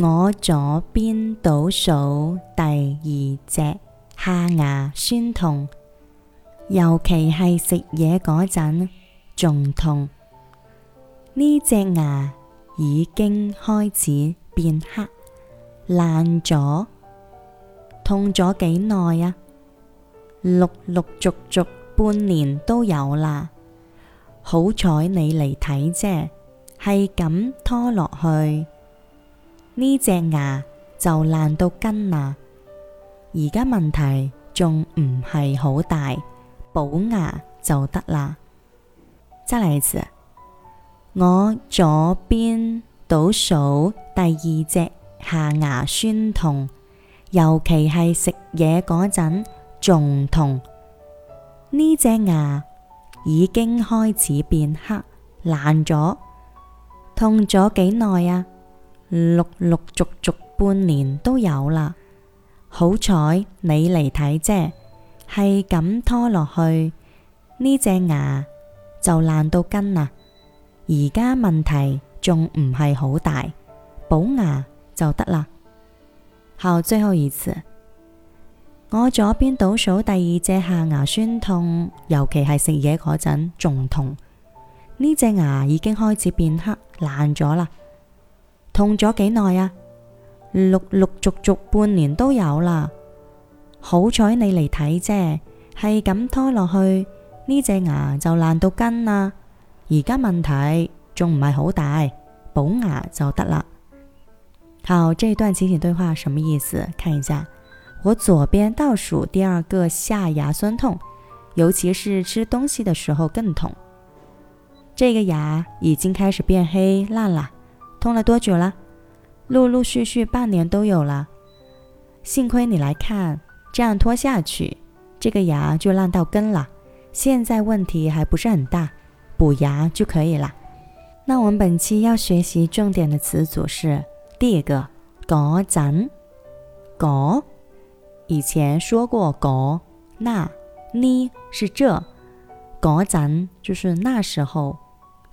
我左邊倒數第二隻下牙酸痛，尤其係食嘢嗰陣仲痛。呢隻牙已經開始變黑，爛咗，痛咗幾耐啊？陸陸續續半年都有啦。好彩你嚟睇啫，係咁拖落去。呢隻牙就爛到根啦，而家問題仲唔係好大，補牙就得啦。真例子，我左邊倒數第二隻下牙酸痛，尤其係食嘢嗰陣仲痛。呢隻牙已經開始變黑，爛咗，痛咗幾耐啊？陸陸續續半年都有啦，好彩你嚟睇啫，係咁拖落去呢隻牙就爛到根啦。而家問題仲唔係好大，補牙就得啦。好，最後一次，我左邊倒數第二隻下牙酸痛，尤其係食嘢嗰陣仲痛。呢隻牙已經開始變黑爛咗啦。痛咗幾耐啊？陸陸續續半年都有啦。好彩你嚟睇啫，係咁拖落去，呢隻牙就爛到根啦。而家問題仲唔係好大，補牙就得啦。好，這段情景對話什麼意思？看一下，我左邊倒數第二個下牙酸痛，尤其是吃東西的時候更痛。這個牙已經開始變黑爛啦。痛了多久了？陸陸續續半年都有了。幸虧你來看，這樣拖下去，這個牙就爛到根了。現在問題還不是很大，補牙就可以了。那我們本期要學習重點的詞組是第一個“嗰陣嗰”，以前說過“嗰那呢”你是這“嗰陣”，就是那時候。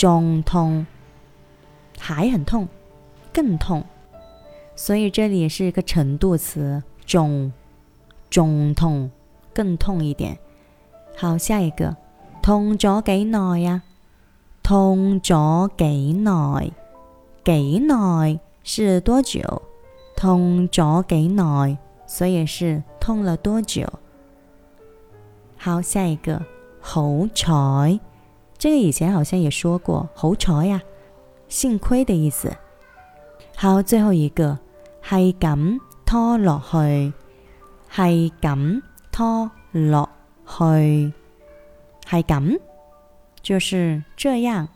仲痛，還很痛，更痛。所以這裏是一個程度詞“仲”，仲痛更痛一點。好，下一個，痛咗幾耐呀？痛咗幾耐？幾耐是多久？痛咗幾耐？所以是痛了多久？好，下一個，好彩。這個以前好像也說過“好彩呀、啊”，幸虧的意思。好，最後一個“係咁拖落去”，係咁拖落去，係咁，就是這樣。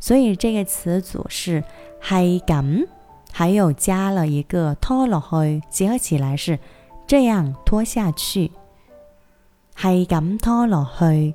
所以這個詞組是“係咁”，還有加了一個“拖落去”，結合起來是“這樣拖下去”，係咁拖落去。